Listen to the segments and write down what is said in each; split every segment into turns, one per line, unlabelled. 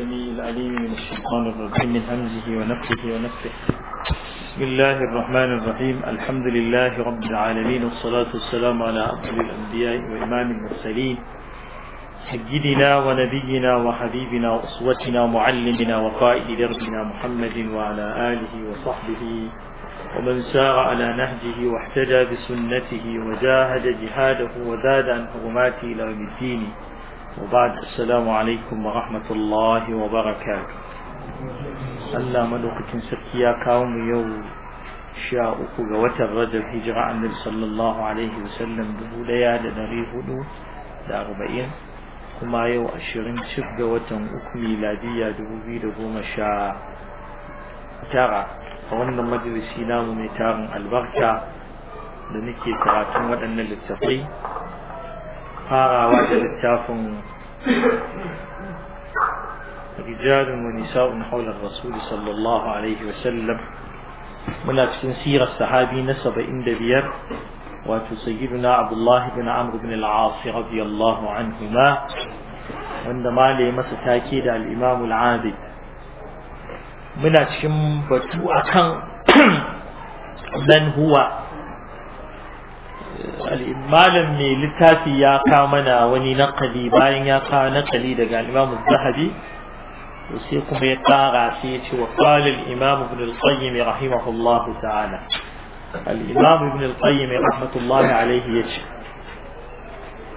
السميع العليم من الشيطان الرجيم من همزه ونفسه ونفسه بسم الله الرحمن الرحيم الحمد لله رب العالمين والصلاة والسلام على أفضل الأنبياء وإمام المرسلين سيدنا ونبينا وحبيبنا وأسوتنا ومعلمنا وقائد دربنا محمد وعلى آله وصحبه ومن سار على نهجه واحتجى بسنته وجاهد جهاده وزاد عن حرماته إلى الدين وبعد السلام عليكم ورحمة الله وبركاته الله ملوك تنسكيا كاوم يو شاء قوة الرجل هجرة عن صلى الله عليه وسلم بوليا لنري هدو لأربعين كما يو أشرين شق وتن أكمي لادية دبوبي دبوم شاء ترى وأن مدرسي نام ميتار البركة لنكي تراتم ودن للتقي هذا آه، واجب التافم رجال ونساء حول الرسول صلى الله عليه وسلم هناك سنسير الصحابي نسب عند بير وتسيدنا عبد الله بن عمرو بن العاص رضي الله عنهما عندما لمس تاكيد الامام العادي من اشم بتو من هو malam mai littafi ya kawo mana wani nakali bayan ya kawo nakali daga al-imam sai kuma ya ƙara sai ya ce wa qala al-imam ibn al-qayyim rahimahullahu ta'ala al-imam ibn al-qayyim rahmatullahi alayhi ya ce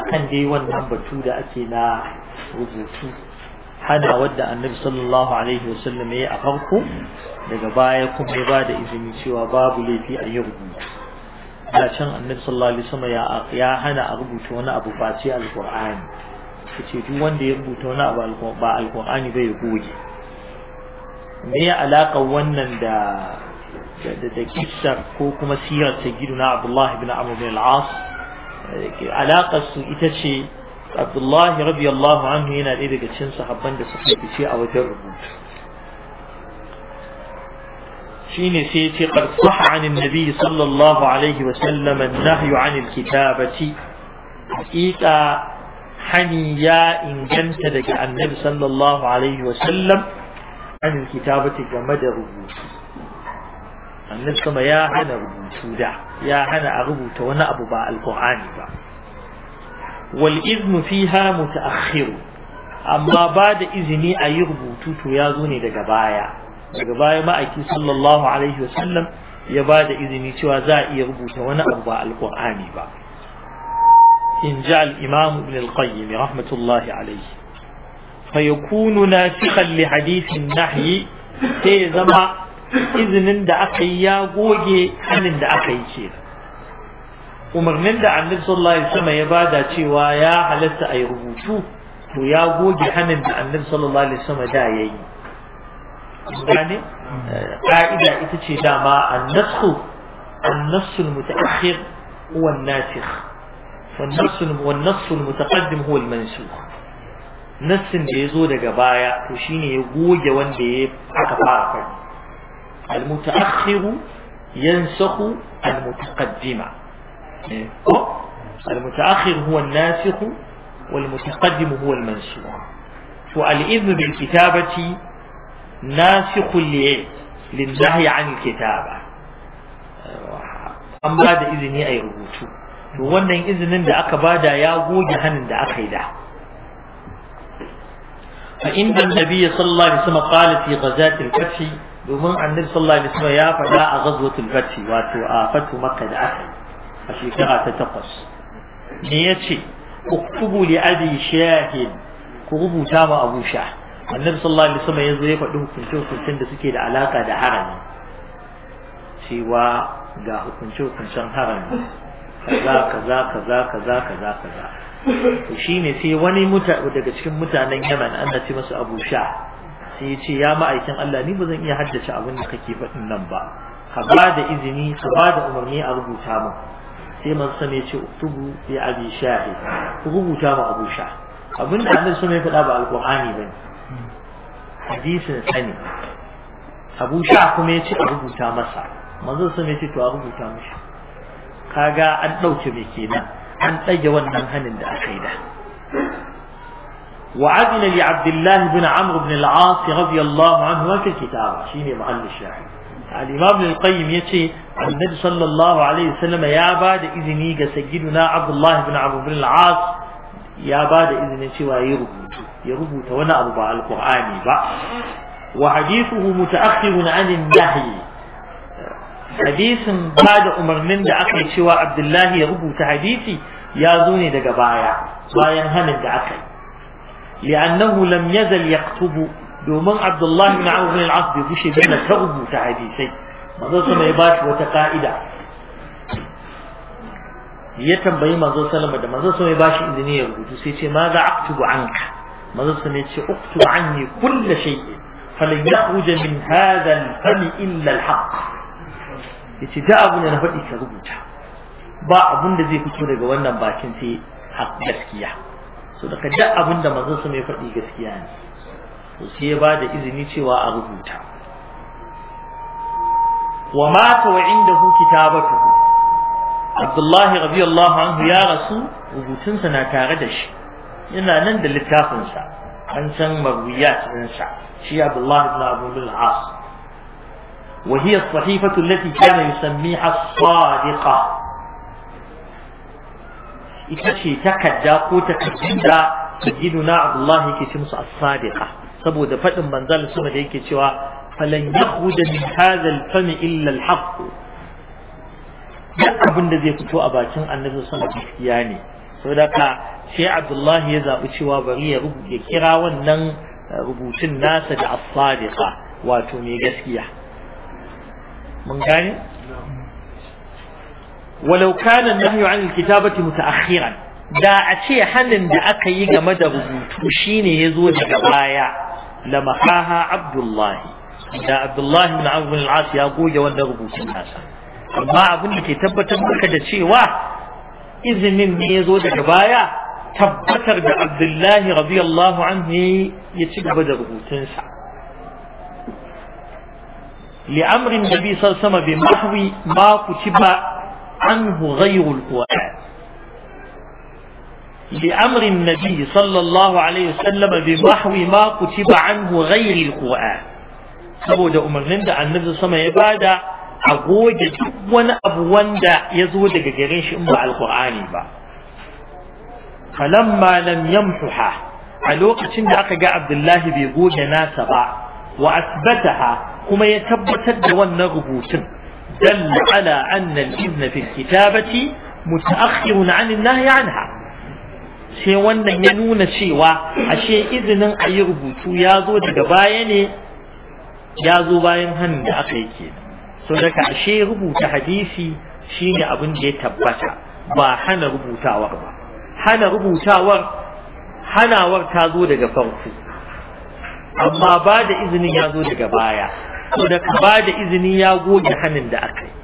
akan dai wannan batu da ake na rubutu hana wadda annabi sallallahu alaihi wasallam ya yi a farko daga baya kuma ya ba da izini cewa babu laifi a yi rubutu da can annabi sallallahu alaihi wasallam ya ya hana a rubuta wani abu ba ce alqur'ani kace duk wanda ya rubuta wani abu ba alqur'ani bai goge me ya alaka wannan da da da kissa ko kuma sirar sayyiduna abdullahi ibn amr bin al-as alakar su ita ce abdullahi radiyallahu anhu yana daya daga cikin sahabban da suka fice a wajen rubutu Shi ne sai yace qad sahha 'an an-nabi sallallahu alaihi wa sallam an-nahyu 'an al-kitabati haqiqa hani ya inganta daga annabi sallallahu alaihi wa sallam an al-kitabati game da rubutu annabi kuma ya hana rubutu da ya hana a rubuta wani abu ba alqur'ani ba wal iznu fiha muta'akhir amma ba da izini a yi rubutu to ya zo ne daga baya daga baya ma'aiki sallallahu alaihi wasallam ya ba da izini cewa za a iya rubuta wani abu ba alqur'ani ba in ja al-imam ibn al-qayyim rahmatullahi alaihi fa yakunu nasikhan li hadithin nahyi sai zama izinin da aka yi ya goge hanin da aka yi ce umarnin da annabi sallallahu alaihi wasallam ya bada cewa ya halatta a yi rubutu to ya goge hanin da annabi sallallahu alaihi wasallam da yayi gane ka'ida ita ce dama annasku annasul mutaakhir huwa an-nasikh والنص والنص المتقدم هو المنسوخ نص da yazo daga baya to shine ya goge wanda ya aka fara kai al-mutaakhir yansakhu al-mutaqaddima al-mutaakhir huwa an-nasikh wal-mutaqaddim huwa al-mansukh to al-idhn bil kitabati ناسخ لي للنهي عن الكتابة أم بعد إذن أي ربوتو وأن إذن إن دعك بعد يا جوج هن دعك إذا فإن النبي صلى الله عليه وسلم قال في غزاة الفتح ومن عن النبي صلى الله عليه وسلم يا فجاء غزوة الفتح وتوافت مكة أخي في قراءة تقص نيتي اكتبوا لأبي شاهد كغبو تام أبو شاهد annabi sallallahu alaihi wasallam yanzu ya faɗi hukunce hukuncen da suke da alaka da harami cewa ga hukunce hukuncen harami kaza kaza kaza kaza kaza kaza to shine sai wani daga cikin mutanen Yaman an ce masa Abu Sha sai ya ce ya ma'aikin Allah ni ba zan iya haddace abin da kake faɗin nan ba ka ba da izini ka ba da umarni a rubuta mu sai man sani ya ce uktubu ya abi shahi ku rubuta mu Abu Sha abin da Allah sun ya faɗa ba alqur'ani bane hadisin sani abu sha kuma ya ce a rubuta masa manzo sun ya ce to a rubuta mishi kaga an ɗauke mai kenan an ɗage wannan hanin da aka yi da وعدنا لعبد الله بن عمرو بن العاص رضي الله عنهما في الكتابة شيني محل الشاهد الإمام ابن القيم يتي النبي صلى الله عليه وسلم يا بعد إذني سيدنا عبد الله بن عمرو بن العاص ya ba da izinin cewa ya rubutu ya rubuta wani abu ba alkur'ani ba wa hadithuhu mutaakhirun anin nahyi hadisin ba da umarnin da aka yi cewa abdullahi ya rubuta hadisi ya zo ne daga baya bayan hanin da aka yi li'annahu lam yazal yaktubu domin abdullahi bin awf bin al-as bai gushe bin ta rubuta hadisai manzo sama ya ba shi wata ka'ida ya tambayi manzo sallama da manzo sallama ya bashi izini ya rubutu sai ce ma za aktubu anka manzo sallama ya ce uktubu anni kullu shay'in falan yakhruj min hadha al-fami illa al-haqq yace da abun da na faɗi ka rubuta ba abun da zai fito daga wannan bakin sai haq gaskiya so daga da abun da manzo sallama ya faɗi gaskiya ne to sai ya bada izini cewa a rubuta wa mata wa indahu kitabatuhu Abdullahi radiyallahu anhu ya rasu rubutunsa na tare da shi yana nan da littafinsa an san marwiyat ɗinsa shi Abdullahi ibn Abu al-As wa hiya as-sahifatu allati kana yusammiha as-sadiqa ita ce takadda ko takaddun da na Abdullahi yake ce musu as-sadiqa saboda faɗin manzal sama da yake cewa falan yakhruja min hadha al-fami illa al-haqq duk abin da zai fito a bakin annabi sun gaskiya ne saboda ka shi abdullahi ya zaɓi cewa bari ya rubuta kira wannan eh, rubutun nasa da as wato mai gaskiya mun gane walau na nahyu an al-kitabati mutaakhiran da a ce hannun da aka yi game da rubutu shine yazo daga baya lamahaha abdullahi da abdullahi ibn amr al-as ya goge wannan rubutun nasa amma abin da ke tabbatar maka da cewa izinin ne ya zo daga baya tabbatar da abdullahi radiyallahu anhu ya ci gaba da rubutunsa لأمر النبي صلى الله عليه وسلم بمحو ما كتب عنه غير القرآن لأمر النبي صلى الله عليه وسلم بمحو ما كتب عنه غير القرآن سبو دا أمرنا النبي صلى الله عليه وسلم a goge duk wani abu wanda ya zo daga garin shi in ba alkur'ani ba falamma lam yamhuha a lokacin da aka ga abdullahi bai goge nasa ba wa asbataha kuma ya tabbatar da wannan rubutun dalla ala anna al-izna fi kitabati mutaakhirun 'an an-nahy 'anha sai wannan ya nuna cewa ashe izinin ayi rubutu ya zo daga baya ne ya zo bayan hannun da aka yi kenan so daga ashe rubuta hadisi shine abin da ya tabbata ba hana rubutawar ba hana rubutawar hanawar ta zo daga farko amma ba da izinin ya zo daga baya so daga ba da izini ya goge hanin da aka yi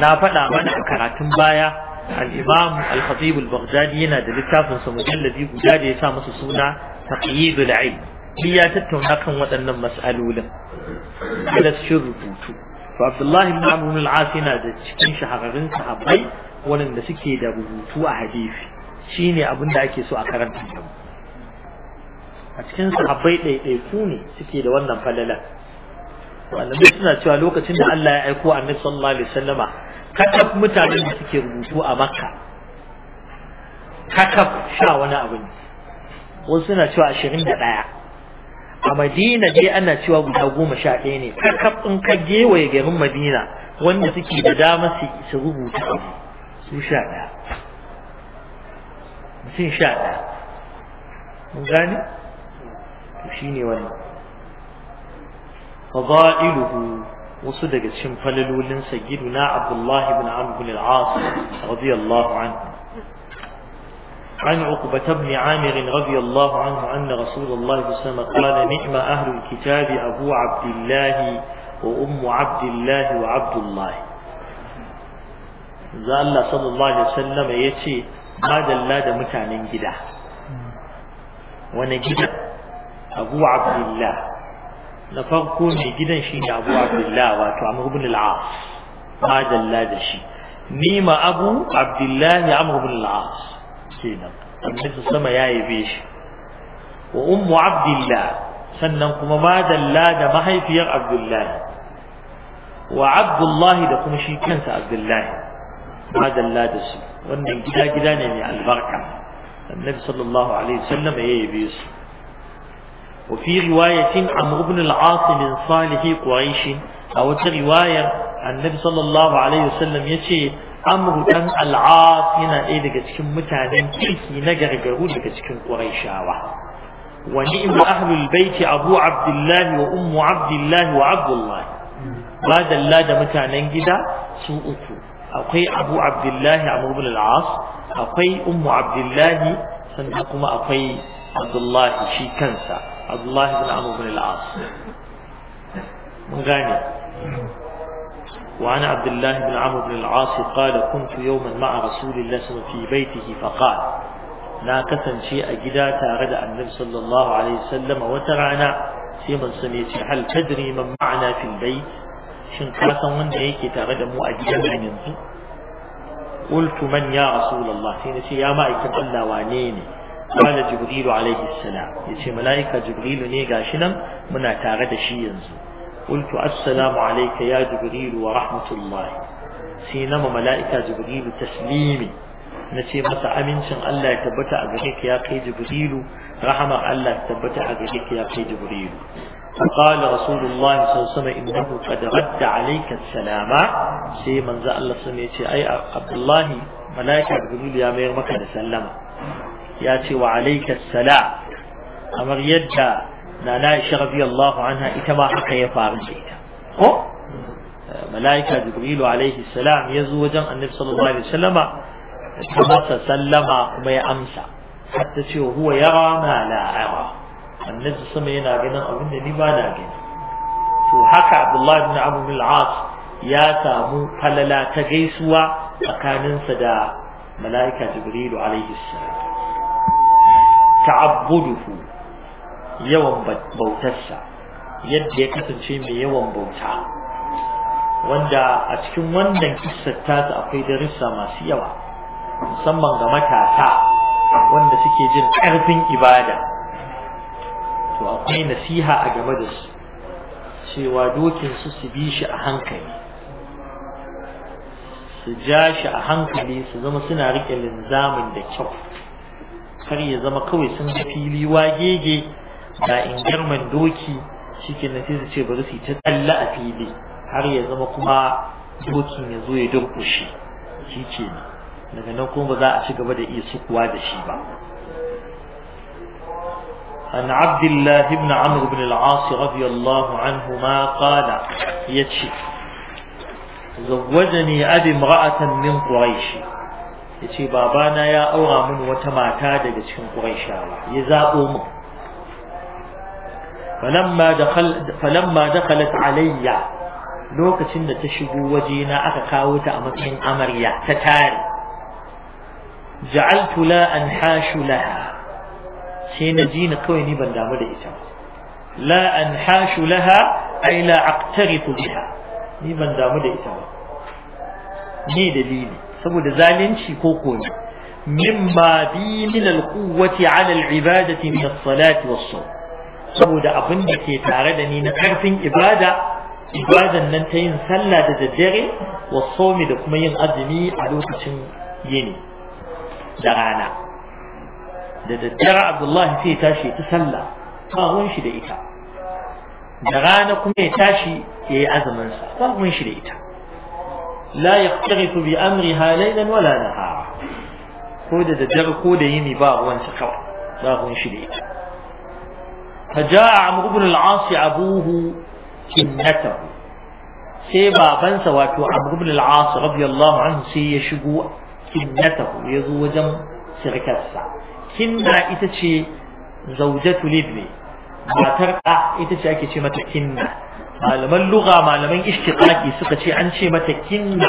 na faɗa mana a karatun baya Al-Imam yana da littafinsa البغدادي guda da ya sa يسامس suna, تقييد العلم shi ya tattauna kan waɗannan mas'alolin da su rubutu to Abdullahi ibn Amr ibn yana da cikin shahararrun sahabbai waɗanda suke da rubutu a hadisi shine abin da ake so a karanta da mu a cikin sahabbai ɗaiɗaiku ne suke da wannan falala annabi suna cewa lokacin da Allah ya aiko annabi sallallahu alaihi wasallama kakaf mutanen da suke rubutu a Makka kakaf sha wani abu ne wasu suna cewa ashirin da ɗaya a madina dai ana cewa guda goma sha ɗaya ne kakaf ɗin ka gewaye garin madina wanda suke da dama su rubuta su sha ɗaya mutum sha ɗaya mun gane to shine wannan fadailuhu wasu daga cikin falalolin na abdullahi bin amr ibn al-as radiyallahu anhu عن عقبة بن عامر رضي الله عنه أن رسول الله صلى الله عليه وسلم قال نعم أهل الكتاب أبو عبد الله وأم عبد الله وعبد الله za Allah sallallahu alaihi wasallam ya ce madalla da mutanen gida wani gida Abu Abdullah na farko mai gidan shi ne Abu Abdullah wato Amr ibn al-As madalla da shi nima Abu Abdullah Amr ibn kenan annabi sama ya yabe shi wa ummu abdullah sannan kuma madalla da mahaifiyar abdullahi wa abdullahi da kuma shi kansa abdullahi madalla da shi wannan gida gida ne mai albarka annabi sallallahu alaihi wasallam ya yabe su وفي رواية عمرو بن العاص من صالح قريش أو رواية النبي صلى الله عليه وسلم يتي amru dan al'af yana ɗaya daga cikin mutanen kirki na gargaru daga cikin quraishawa wa ni'ma ahlul baiti abu abdullahi wa ummu abdullahi wa abdullah ba dalla da mutanen gida su uku akwai abu abdullahi amr ibn al-as akwai ummu abdullahi sannan kuma akwai abdullahi shi kansa abdullahi ibn amr ibn al-as mun gane وعن عبد الله بن عمرو بن العاص قال كنت يوما مع رسول الله صلى الله عليه وسلم في بيته فقال لا كثن شيء أجدا تارد النبي صلى الله عليه وسلم وترانا في من سميت هل تدري من معنا في البيت شن كاسا من هيك تارد مو أجدا من قلت من يا رسول الله سينتي يا مائكة الا وانيني قال جبريل عليه السلام يتي ملائكة جبريل نيجا شنم من تارد شي ينزل قلت السلام عليك يا جبريل ورحمة الله سينما ملائكة جبريل تسليمي نتي متى أمين شن الله يتبتع أغريك يا قي جبريل رحمة الله يتبتع أغريك يا قي جبريل فقال رسول الله صلى الله عليه وسلم إنه قد رد عليك السلام سي من ذا الله سميتي أي عبد الله ملائكة جبريل يا مير مكة سلم ياتي وعليك السلام أمر يدّى ملائكه رضي الله عنها اتما حقا يفارن بيتا ملائكه جبريل عليه السلام يزو النبي صلى الله عليه وسلم كما تسلم وما يامسى حتى شو هو يرى ما لا يرى النبي صلى الله عليه وسلم ينادي ابن لا بعد اجل عبد الله بن عمرو بن العاص يا سامو فللا تجيسوا مكان سدا ملائكه جبريل عليه السلام تعبده yawan bautarsa yadda ya kasance mai yawan bauta wanda a cikin wannan kissar tasa akwai darussa masu yawa musamman ga matasa wanda suke jin ƙarfin ibada to akwai nasiha a game da su cewa dokin su su bi shi a hankali su ja shi a hankali su zama suna riƙe linzamin da kyau kar ya zama kawai sun ga fili wagege da in girman doki shi ke nan ce bari ta tsalle a fili har ya zama kuma dokin ya zo ya durƙushi, shi shi ke nan kuma za a ci gaba da iya sukuwa da shi ba an abdullahi ibn amr ibn al-as radiyallahu anhu ma qala yace zawwajani abi imra'atan min quraish yace babana ya aura mun wata mata daga cikin quraishawa ya zaɓo mu فلما دخل فلما دخلت علي lokacin da ta shigo wajena aka kawo ta a matsayin amarya ta tare ja'altu la an hashu laha sai na ji na kawai ni ban damu da ita la an hashu laha ai la aqtarifu biha ni ban damu da ita ba ni dalili saboda zalunci ko koyi mimma bi min al-quwwati 'ala al-'ibadati min as-salati was-sawm saboda abin da ke tare da ni na karfin ibada ibadan nan ta yin sallah da daddare wa somi da kuma yin azumi a lokacin yini da rana da daddare abdullahi sai tashi ta sallah kawun shi da ita da rana kuma ya tashi ya yi azumin azuminsa kawun shi da ita la yaqtarifu bi amri laylan wala nahara ko da daddare ko da yini ba ruwan sa kawai ba ruwan shi da ita فجاء عمرو بن العاص أبوه ابنته sai babansa wato Amr ibn al-As radiyallahu anhu sai ya shigo kinnatahu ya wajen sirkarsa kinna ita ce zaujatu libni matar da ita ce ake ce mata kinna malaman lugha malaman ishtiqaqi suka ce an ce mata kinna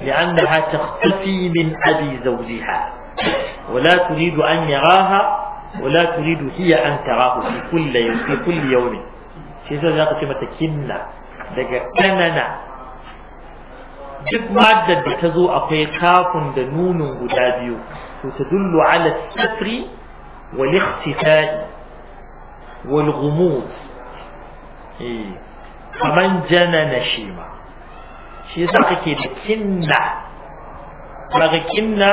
li'annaha takhtafi min abi zawjiha ولا تريد أن يراها wala turidu hiya an tarahu fi kulli yawm fi kulli yawm shi yasa zaka ce mata kinna daga kanana duk maddar da ta zo akwai kafin da nunun guda biyu to ta dullu ala satri wal ikhtifai wal ghumuz shi yasa kake da kinna daga kinna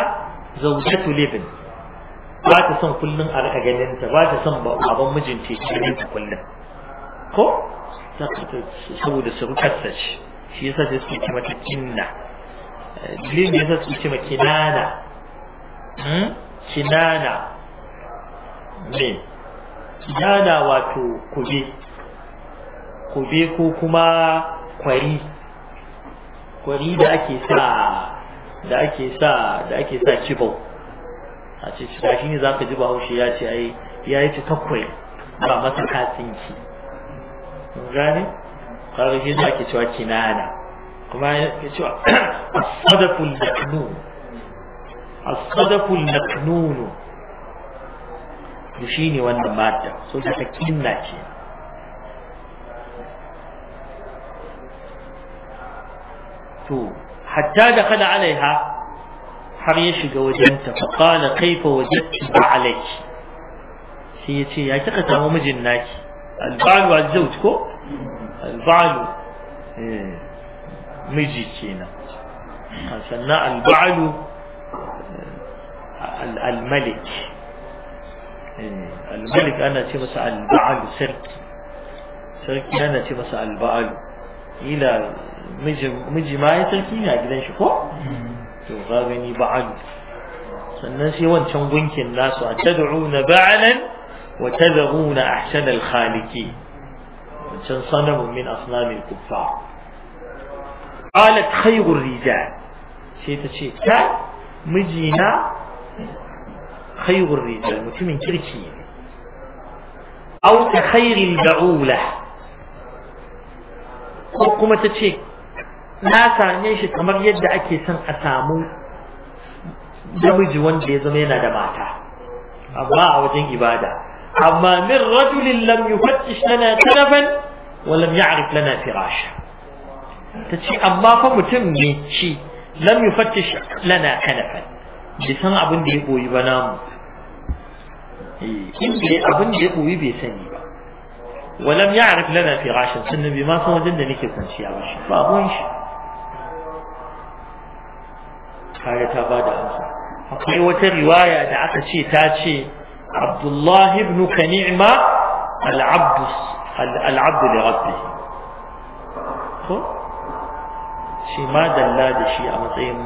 ba ta son kullum a rika ganin ta ba ta son baban mijinta ya ganin ta kullum ko ta saboda surukarsa ce shi yasa sai suke ce mata kinna eh, dalilin da yasa suke ce ma kinana hmm? kinana me kinana wato kube kube ko kuma kwari kwari da ake sa da ake sa da ake sa kibau a ce shi shi ne zaka ji bahaushe ya ce ai yayi ta takwai ba masa katsinki gani kaga shi da ke cewa kinana kuma ya cewa as-sadaful maknun as-sadaful maknun shi ne wanda mata so da ta kinna ce to hatta da kada alaiha har ya shiga wajenta fa qala kaifa wajadti alayki sai ya ce ya kika samu mijin naki albalu azzauj ko albalu miji kenan sannan albalu الملك الملك أنا تمس البعل سرك سرك أنا تمس البعل إلى مجي مجي ما يتركيني أجلين شكو to ga gani ba'al sannan sai wancan gunkin nasu a tad'una ba'alan wa tadhuna ahsan al-khaliqi wancan sanamu min asnam al-kuffar qalat khayru rijal sai ta ce ta mijina khayru rijal mutumin kirki aw ta khayri al-ba'ula ko kuma ta ce na same shi kamar yadda ake son a samu namiji wanda ya zama yana da mata amma a wajen ibada amma min rajulin lam yufattish lana talaban wa lam ya'rif lana firasha tace amma fa mutum ne ci lam yufattish lana kanafan bai san abin da ya koyi ba namu eh, in bai abin da ya koyi bai sani ba ولم يعرف لنا في غاشن سنة بما صوت جدا نكي كنشي عبش فأبوش kare ta bada amsa akwai wata riwaya da aka ce ta ce Abdullah ibn Kani'ma al-Abd al-Abd li Rabbi ko shi ma dalla da shi a matsayin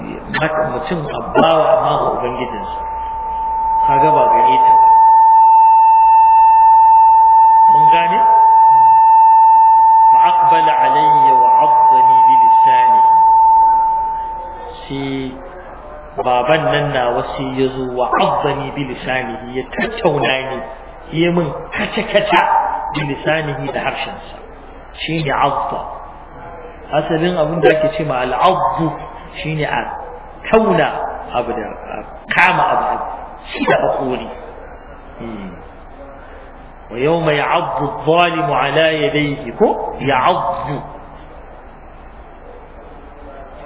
eh, mutum abbawa amma ga ubangijinsa kaga ba mawaki ya zo wa azzani bi lisanihi ya tattauna ni yi min kace kace bi lisanihi da harshen sa shine azza asalin abin da ake ce ma al'azzu shine a tauna abu da kama abu shi da akuri wa yawma hakuri adh-dhalimu ala yadayhi ko يعض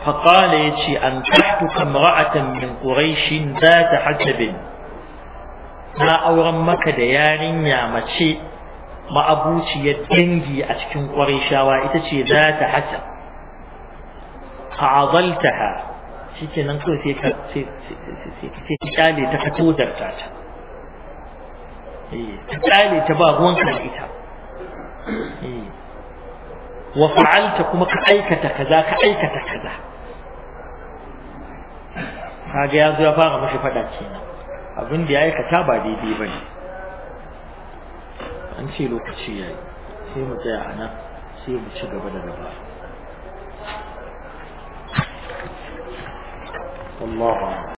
فقال يتشي أنكحتك امرأة من قريش ذات حجب ما أورم مك ديارين يا متشي ما أبوتي يدنجي أتكن قريشا وإتشي ذات حجب فعضلتها شكي ننكو سيكا سيكا تفتو درتاتا تتالي تباغون كالإتا وفعلت كما كأيكة كذا كأيكة كذا kaga ya zo ya fara mashi faɗa kenan abin da ya aikata ba daidai ba ne an ce lokaci ya yi sai mu tsaya a nan sai mu ci gaba da gaba Allah